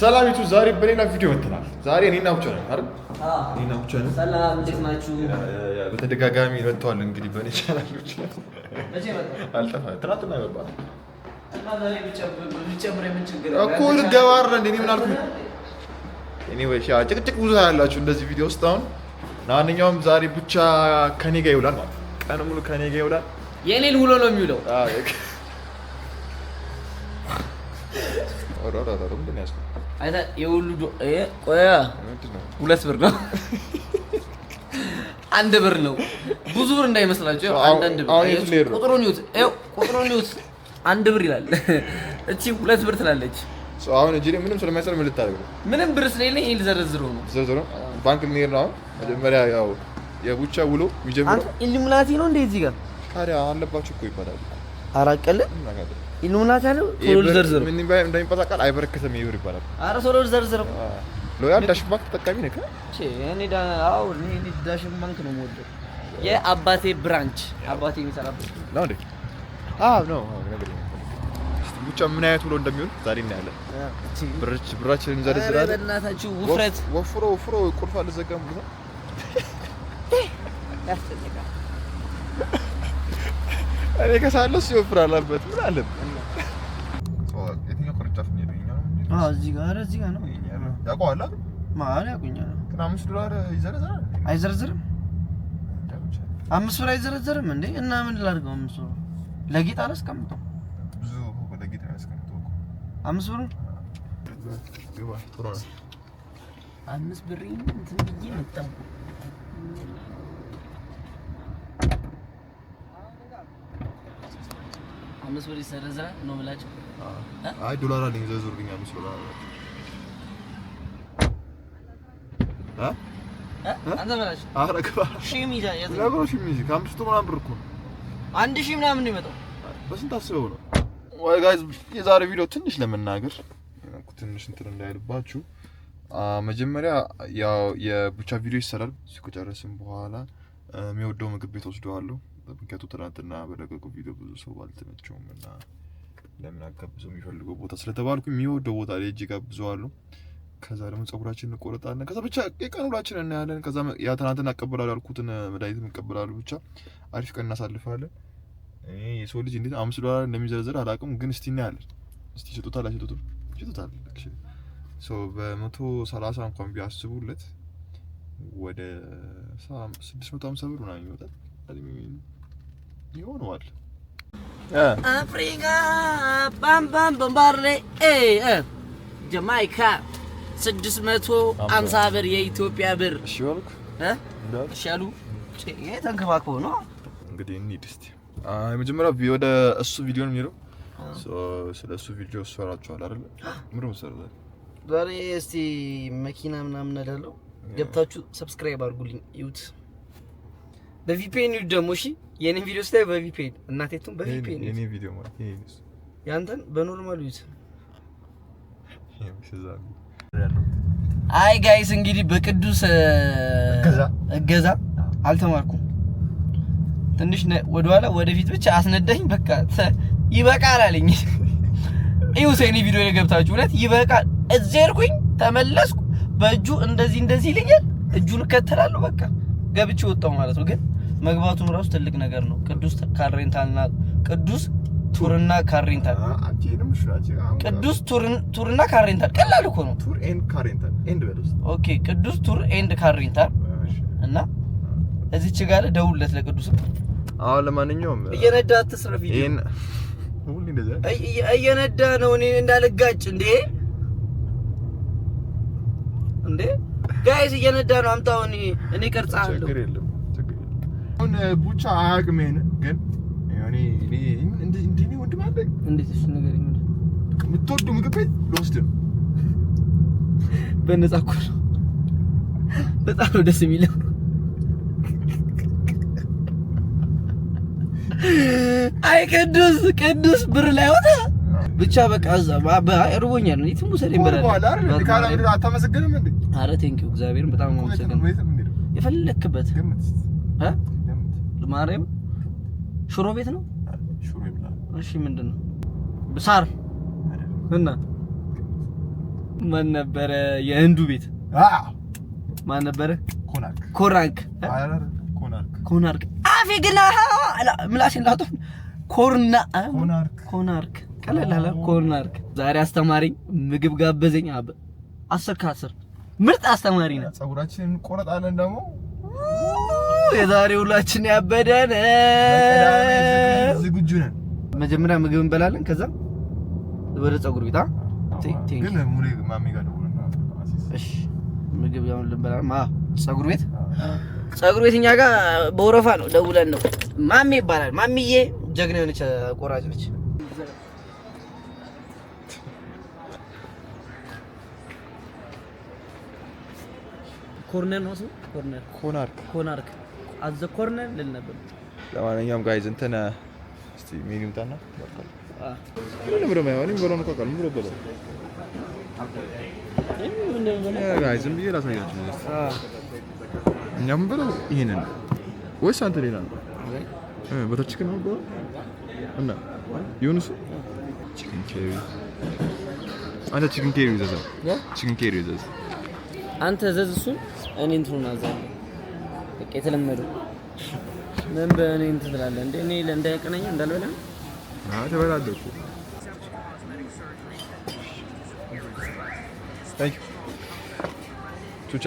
ሰላም ዩቱብ ዛሬ በሌላ ቪዲዮ መጥተናል። ዛሬ እኔና ብቻ ነን አይደል? እኔና ብቻ ነን። ሰላም እንዴት ናችሁ? በተደጋጋሚ መጥተዋል። እንግዲህ በእኔ ቻናል ብቻ አልጠፋም። ትናንትና ይወጣል እኮ ልትገባ አይደል እንዴ? እኔ ምን አልኩኝ? እኔ ጭቅጭቅ ብዙ ያላችሁ እንደዚህ ቪዲዮ ውስጥ አሁን ማንኛውም ዛሬ ብቻ ከኔ ጋር ይውላል ማለት ቀን ሙሉ ከኔ ጋር ይውላል። የኔ ውሎ ነው የሚውለው ሁለት ብር ነው፣ አንድ ብር ነው። ብዙ ብር እንዳይመስላችሁ ቁጥሩን ይዩት። አንድ ብር ይላል፣ እቺ ሁለት ብር ትላለች። አሁን ምንም ስለማይሰራ ምን ልታደርግ ነው? ምንም ብር ስለሌለኝ ነው። ባንክ ነው። አሁን መጀመሪያ ያው የቡቻ ውሎ የሚጀምረው ኢሉሚናቲ ነው። እንደዚህ ጋር ታዲያ አለባችሁ እኮ ይባላል። አራቀለ ኢሉሚናቲ አለው። ቶሎ ዘርዝር ምን እንደሚንቀሳቀስ አይበረከትም። ይብር ይባላል። ኧረ ቶሎ ዘርዝር። ሎያን ዳሽን ባንክ ተጠቃሚ ነህ? እኔ ዳ አው ዳሽን ባንክ ነው የምወደው። የአባቴ ብራንች አባቴ የሚሰራበት ነው። እንዴ? አው አው ብቻ ምን አይነት ብሎ እንደሚሆን ዛሬ እናያለን። ብራችንን እንዘረዝራለን። በእናታችሁ ውፍረት ወፍሮ ወፍሮ ቁልፍ አልዘጋም ብሎ ያስጠነቃል። እኔ ከሳለ እሱ ይወፍራል። ምን አለበት? የትኛው እዚህ ጋር ጋር ነው ያውቀዋል። ማን ያውቁኛል? ግን አምስት ዶላር ይዘረዝራል አይዘረዝርም? አምስት ብር አይዘረዝርም እንዴ? እና ምን ላድርገው? አምስት ብር ለጌጥ አላስቀምጠው። ብዙ ለጌጥ አላስቀምጠው። አምስት ብር አምስት ብር እንትን ብዬ መጣሁ አምስት ብር ይሰረዛል ነው የምላቸው። አይ ዶላር አለኝ ዘዙርልኝ፣ አምስት ዶላር አለኝ። አንተ በላቸው። ኧረ ግባ ሺህ ሚዛ ከአምስቱ ብር እኮ አንድ ሺህ ምናምን ይመጣው የመጣው። በስንት አስበው ነው? ወይ ጋይዝ፣ የዛሬ ቪዲዮ ትንሽ ለመናገር ትንሽ እንትን እንዳይልባችሁ መጀመሪያ ያው የቡቻ ቪዲዮ ይሰራል። እሱ ከጨረስን በኋላ የሚወደው ምግብ ቤት ወስደዋለሁ። ምክንያቱ ትናንትና በለቀቁ ቪዲዮ ብዙ ሰው አልተመቸውም እና ለምን አጋብዘው የሚፈልገው ቦታ ስለተባልኩ የሚወደው ቦታ ላይ እጅ ጋብዘዋለሁ። ከዛ ደግሞ ጸጉራችን እንቆረጣለን። ከዛ ብቻ የቀን ውላችን እናያለን። ከዛ ያ ትናንትና አቀበላሉ ያልኩትን መድኃኒት እንቀበላሉ። ብቻ አሪፍ ቀን እናሳልፋለን። የሰው ልጅ እንዴት አምስት ዶላር እንደሚዘረዘር አላውቅም፣ ግን እስቲ እናያለን። እስቲ ይሸጡታል፣ አይሸጡትም? ሰው በመቶ ሰላሳ እንኳን ቢያስቡለት ወደ ስድስት መቶ ሀምሳ ብር ምናምን ይወጣል። ይሆነዋል። አፍሪካ ባምባም ባምባር ጀማይካ ስድስት ብር የኢትዮጵያ ብር። እሺ ተንከባክቦ ነው እንግዲህ እንሂድ እስኪ። የመጀመሪያ ወደ እሱ ቪዲዮ ነው የሚሄደው። ስለ እሱ ቪዲዮ ሰራችኋል አይደል? ምሮ ሰራለ ዛሬ እስቲ መኪና ምናምን እንዳለው ገብታችሁ ሰብስክራይብ አድርጉልኝ ይዩት። በቪፒኤን ይሁድ ደግሞ እሺ፣ የኔን ቪዲዮ ስታይ በቪፒኤን እናቴቱን በቪፒኤን የኔ ቪዲዮ ማለት ይሄ ነው። ያንተን በኖርማል ይሁት። አይ ጋይስ እንግዲህ በቅዱስ እገዛ አልተማርኩም። ትንሽ ወደኋላ ወደፊት ብቻ አስነዳኝ። በቃ ይበቃል አለኝ። ይሁት የኔ ቪዲዮ ላይ ገብታችሁ እውነት ይበቃል። እዚህ ሄድኩኝ ተመለስኩ። በእጁ እንደዚህ እንደዚህ ይለኛል። እጁን እከተላለሁ። በቃ ገብቼ ወጣሁ ማለት ነው ግን መግባቱም ራሱ ትልቅ ነገር ነው። ቅዱስ ካሬንታልና ቅዱስ ቱርና ካሬንታል ቅዱስ ቱርና ካሬንታል ቀላል እኮ ነው። ቱር ኤንድ ኤንድ ካሬንታል ኦኬ ቅዱስ ቱር ኤንድ ካሬንታል እና እዚች ጋር ደውለት ለቅዱስ። አዎ ለማንኛውም እየነዳ አትስረፍ። ይሄን እየነዳ ነው እኔ እንዳልጋጭ እንዴ እንዴ ጋይስ እየነዳ ነው። አምጣው እኔ እኔ ቀርጻለሁ አሁን ቡቻ አያውቅም ግን እንዲህ ወንድም አለ። እንዴት እሱ ነገር ይሆናል? የምትወዱ ምግብ ቤት ልወስድ ነው በነፃ እኮ ነው። በጣም ነው ደስ የሚለው። አይ ቅዱስ ቅዱስ ብር ላይ ሆነ ብቻ በቃ እዛ እርቦኛል። እኔ ትሙ ሰደኝ በላል አታመሰግንም እንዴ? አረ ቴንኪው እግዚአብሔርን በጣም ነው የፈለክበት ማርያም ሽሮ ቤት ነው። ሽሮ ይብላል። እሺ፣ ምንድን ነው? ብሳር እና ማን ነበረ? የህንዱ ቤት ማን ነበረ? ኮናርክ ኮናርክ አፌ ግና ምላሴን ኮርና ኮናርክ ቀለል ኮናርክ። ዛሬ አስተማሪ ምግብ ጋበዘኝ። አስር ከአስር ምርጥ አስተማሪ ነው። ጸጉራችንን ቆረጣለን ደግሞ የዛሬ ሁላችን ያበደን ዝግጁ ነን። መጀመሪያ ምግብ እንበላለን፣ ከዛ ወደ ፀጉር ቤት ምግብ ያሁን ልንበላለን። ፀጉር ቤት ፀጉር ቤት እኛ ጋር በወረፋ ነው ደውለን ነው። ማሜ ይባላል። ማሚዬ ጀግና የሆነች ቆራጭ ነች። ኮርነር ነው ኮርነር ኮናርክ ኮናርክ አዘኮርነ ልል ነበር። ለማንኛውም ጋይዝ እንትን እስቲ ሜኒው ታና ባካል ምንም ብሎ ማይሆን ብሎ ነው ቆቀል ምሮ ብሎ ጋይዝ ብዬ ላሳያችሁ እኛም ብሎ ይሄንን ወይስ አንተ ሌላ ነው በታች ግን ነው እና ዩኑስ ቺክን ኬሪ አንተ ቺክን ኬሪ ዘዘ ቺክን ኬሪ ዘዘ አንተ ዘዝ እሱን እኔ እንትኑን አዛለሁ የተለመዱ ምን በእኔ እንትን ትላለህ እንደ እኔ እንዳይቀናኝ እንዳልበላ ትበላለህ እኮ ቹቻ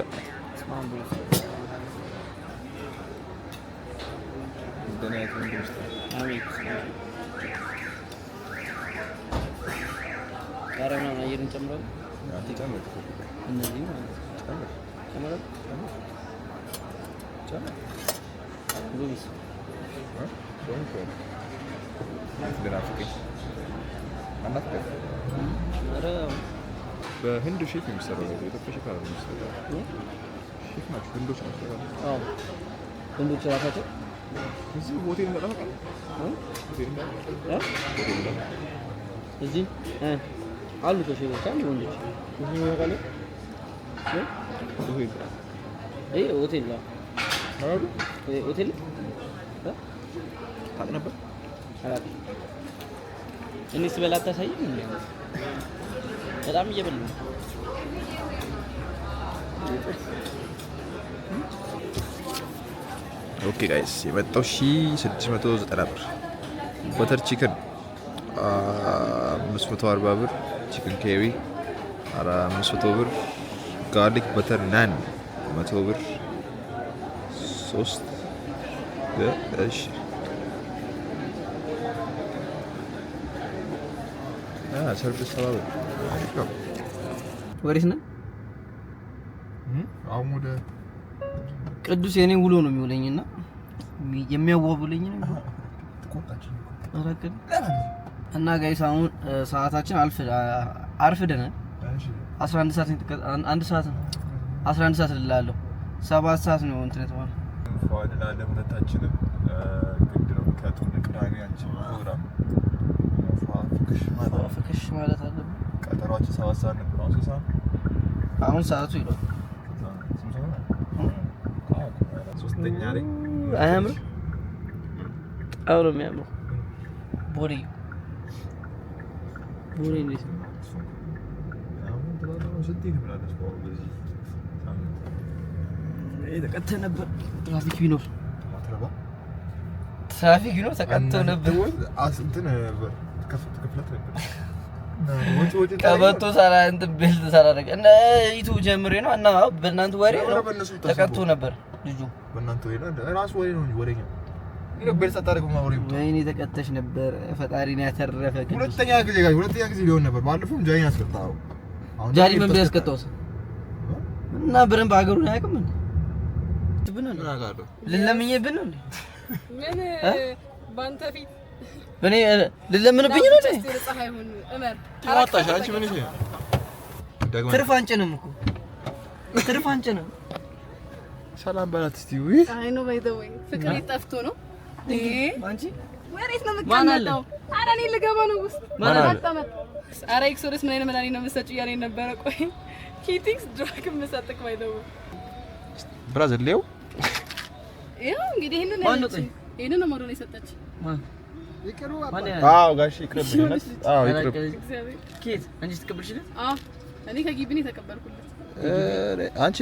አየርን ጨምሯል። 괜찮아? 구독 있어. 응? 너무 좋아. 내놔줄게. 만났대. 알아요. በህንድ ሼፍ የሚሰራው ነገር ኢትዮጵያ ሼፍ አለ የሚሰራው ሼፍ ናቸው ህንዶች ናቸው። አዎ ህንዶች ራሳቸው እዚህ ሆቴል መጣ መጣ እዚህ አሉ ሼፎች አሉ ወንዶች ሆቴል ሆቴል ሆቴል ታውቅ ነበር። እኔ ስበላ አታሳይም። በጣም እየበላ ነው። ኦኬ ጋይስ የመጣው ሺ ስድስት መቶ ዘጠና ብር በተር ቺክን አምስት መቶ አርባ ብር ቺክን ኬሪ አምስት መቶ ብር ጋርሊክ በተር ናን መቶ ብር ሶስት እሺ ሰርቪስ ሰባ ብር ወዴት ነህ? አሁን ወደ ቅዱስ የኔ ውሎ ነው የሚውለኝና የሚያዋብለኝ እና ጋይስ አሁን ሰዓታችን አልፍ አርፍደናል። 11 ሰዓት ነው። 1 ሰዓት ነው። 11 ሰዓት ልላለሁ። ሰባት ሰዓት ነው እንትን የተባለው ፈዋድ ለዓለም ሁለታችንም ግድ ነው። ምክንያቱም ቅዳሜ ያንችን ፕሮግራም ፍክሽ ማለት አለብን። ቀጠሯችን ሰባት ሰዓት ነበር። አሁን ሰዓት አሁን ሰዓቱ ይሏል ሶስተኛ ላይ አያምርም። በጣም ነው የሚያምረው። ቦሌ ቦሌ እንዴት ነው? ተቀጥተህ ነበር። ትራፊክ ቢኖር ትራፊክ ቢኖር ተቀጥተህ ነበር። ቀበቶ ሰራ እንትን ቤልት ሰራ ነገር እና ይቱ ጀምሬ ነው እና በእናንተ ወሬ ነው ተቀጥቶ ነበር ልጁ ወይኔ ተቀተሽ ነበር። ፈጣሪ ነው ያተረፈ። ሁለተኛ ጊዜ ጋር ሁለተኛ ጊዜ ሊሆን ነበር። ባለፈው ጃሪ ያስቀጣው ጃሪ ምን ቢያስቀጣው እና በደንብ አገሩን አያውቅም ልለምኝ ብን ምን ባንተ ፊት እኔ ልለምንብኝ ነው እንዴ? ትርፍ አንጭንም እኮ ትርፍ አንጭንም። ሰላም በላት እስቲ። ውይ አይ ነው ባይ ዘ ወይ ፍቅር ጠፍቶ ነው እንዴ? አንቺ ወዴት ነው የምትቀመጠው? ኧረ እኔ ልገባ ነው ውስጥ ማናጣመጥ ኧረ ኤክሶደስ ምን አይነት መድኃኒት ነው የምትሰጪው እያለኝ ነበረ። ቆይ ኪቲንግስ ድራግ የምሰጥክ ባይ ዘ ወይ ብራዘር ሌው ይኸው እንግዲህ ይሄንን ያለችኝ ነው የሰጠች። አዎ ጋሽ አንቺ እኔ የተቀበልኩለት።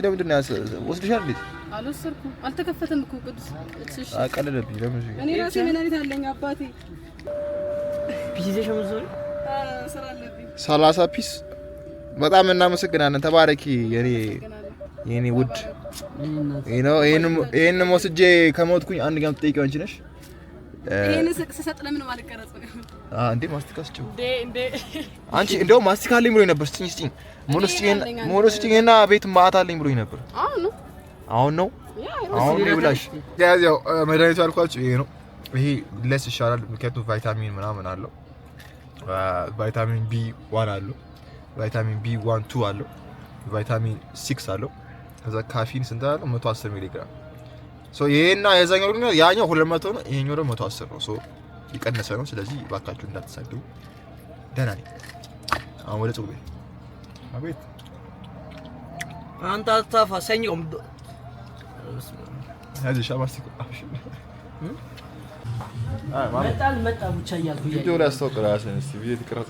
ለምንድን ነው ወስድሻል? እንዴት አልወሰድኩም። አልተከፈተም እኮ ቅዱስ። ለምን እኔ ራሴ መድኃኒት አለኝ አባቴ። ሰላሳ ፒስ። በጣም እናመሰግናለን። ተባረኪ የኔ የኔ ውድ ይህንም ወስጄ ከሞትኩኝ አንድ ጋር ትጠይቂው አንቺ ነሽ። እንዴ አንቺ እንደው ማስቲካ አለኝ ብሎኝ ነበር። ስጭኝ ስጭኝ፣ ሞሎ ስጭኝ እና ቤት ማታ አለኝ ብሎኝ ነበር። አሁን ነው አሁን ነው ብላሽ። ያው መድኃኒቱ ያልኳችሁ ይሄ ነው። ይሄ ለስ ይሻላል፣ ምክንያቱም ቫይታሚን ምናምን አለው። ቫይታሚን ቢ ዋን አለው፣ ቫይታሚን ቢ ዋን ቱ አለው፣ ቫይታሚን ሲክስ አለው ከዛ ካፊን ስንት አለ? 110 ሚሊ ግራም ሶ ይሄና የዛኛው ደግሞ ያኛው 200 ነው፣ ይሄኛው ደግሞ 110 ነው። ሶ የቀነሰ ነው። ስለዚህ ባካችሁ እንዳትሳደቡ። ደህና ነኝ። አሁን ወደ ጽጉቤ አቤት። አንተ አታፋ ሰኞም ያዚ ሻማስቲ አፍሽ መጣል መጣ ብቻ እያልኩ ቪዲዮ ላይ አስታውቅ እራስህን እስኪ ብዬሽ ትቀረጸ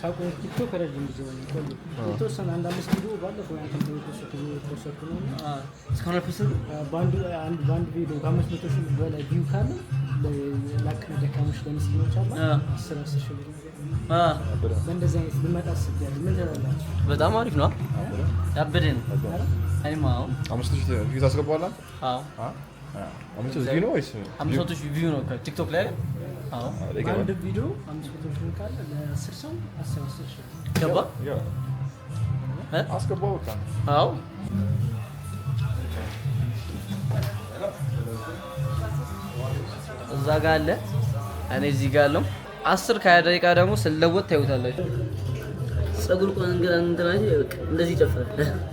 ካቆይቶ ከረጅም ጊዜ የተወሰነ አንድ አምስት ቪዲዮ ባለፈው በአንድ ቪዲዮ ከአምስት መቶ ሺህ በላይ ቪው ካለ ለአቅመ ደካሞች ለምስኪኖች አለ አስር አስር ሺህ በእንደዚህ አይነት ብመጣ ምን ትላላችሁ? በጣም አሪፍ ነው። ያበደ ነው። አምስት ሺህ ታስገባዋለህ? አምስት ቪው ነው ወይስ አምስት ቪው ነው? ቲክቶክ ላይ አንድ ቪዲዮ አምስት ካለ ለአስር ሰው ገባ አዎ እዛ ጋ አለ፣ እኔ እዚህ ጋ አለው። አስር ከሀያ ደቂቃ ደግሞ ስለወጥ ታዩታላችሁ። ጸጉር እንደዚህ ይጨፍራል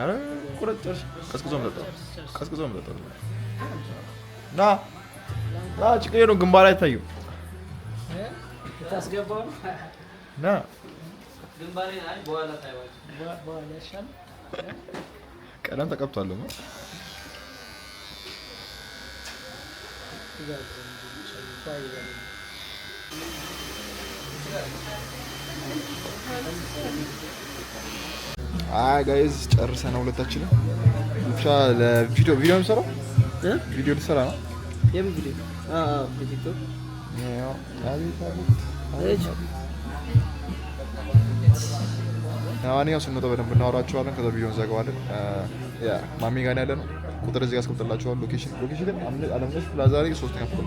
ኧረ ቁረጨርሽ ቀዝቅዞም ጠጣ ቀዝቅዞም ጠጣ። ና ና ችግር ነው ግንባር አይታይም። ና ቀለም ተቀብቷል። Thank አይ ጋይዝ ጨርሰናል። ሁለታችንም ብቻ ለቪዲዮ ቪዲዮ የምሰራው ቪዲዮ ልሰራ ነው። የምን ቪዲዮ? አዎ ቲክቶክ። ለማንኛውም ስንወጣ በደንብ እናወራቸዋለን። ከዛ ቪዲዮ እንዘጋዋለን። ያ ማሚ ጋር ያለ ነው ቁጥር እዚህ ጋር አስቀምጥላቸዋለሁ። ሎኬሽን ሎኬሽን አለምነሽ ፕላዛ ላይ ሶስተኛ ክፍል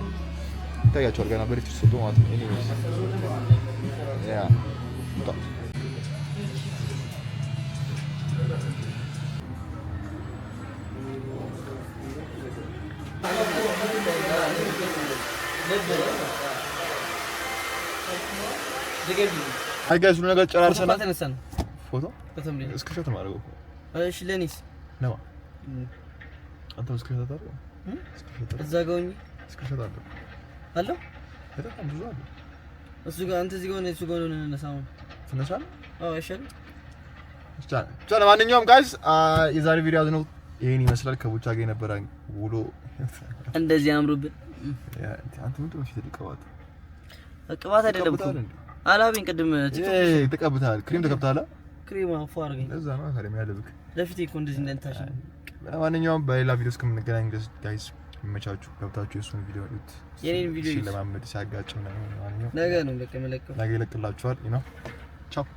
ይታያቸዋል። ገና በሪፍት ስጡ ማለት ነው። ያ አይጋይስ ሁሉ ነገር ጨራርሰናል። ፎቶ እስክሪፕት ማድረግ እኮ እሺ፣ ለኔስ ነው አንተ እስክሪፕት አድርገው እዛ ጋር ሆኜ እስክሪፕት አድርገው አለው። በጣም ብዙ አለ እሱ ጋር አንተ እዚህ ጋር ሆነህ እሱ ጋር ሆነህ እንነሳው ትነሳለህ። አዎ አይሻልም? ብቻ ለማንኛውም ጋይስ የዛሬ ቪዲዮ አዝነው ይሄን ይመስላል። ከቡቻ ጋር የነበረ ውሎ እንደዚህ አምሩብን። አንተ ምንድን ነው ፊት ቅባት አይደለም አላቢን አላቤን ቅድም ተቀብተሃል። ክሪም ተቀብተሃል። ክሪም አፎ አድርገኝ። ለዛ ነው ታዲያ የሚያለብክ ለፊቴ እኮ እንደዚህ እንደንታሽ። ለማንኛውም በሌላ ቪዲዮ እስከምንገናኝ ድረስ ጋይስ ይመቻችሁ። ገብታችሁ የእሱን ቪዲዮ እዩት። የኔን ቪዲዮ ሲለማመድ ሲያጋጭ ምናምን። ለማንኛውም ነገ ነው በቃ የምለቀው። ነገ ይለቅላችኋል። ይኸው ቻው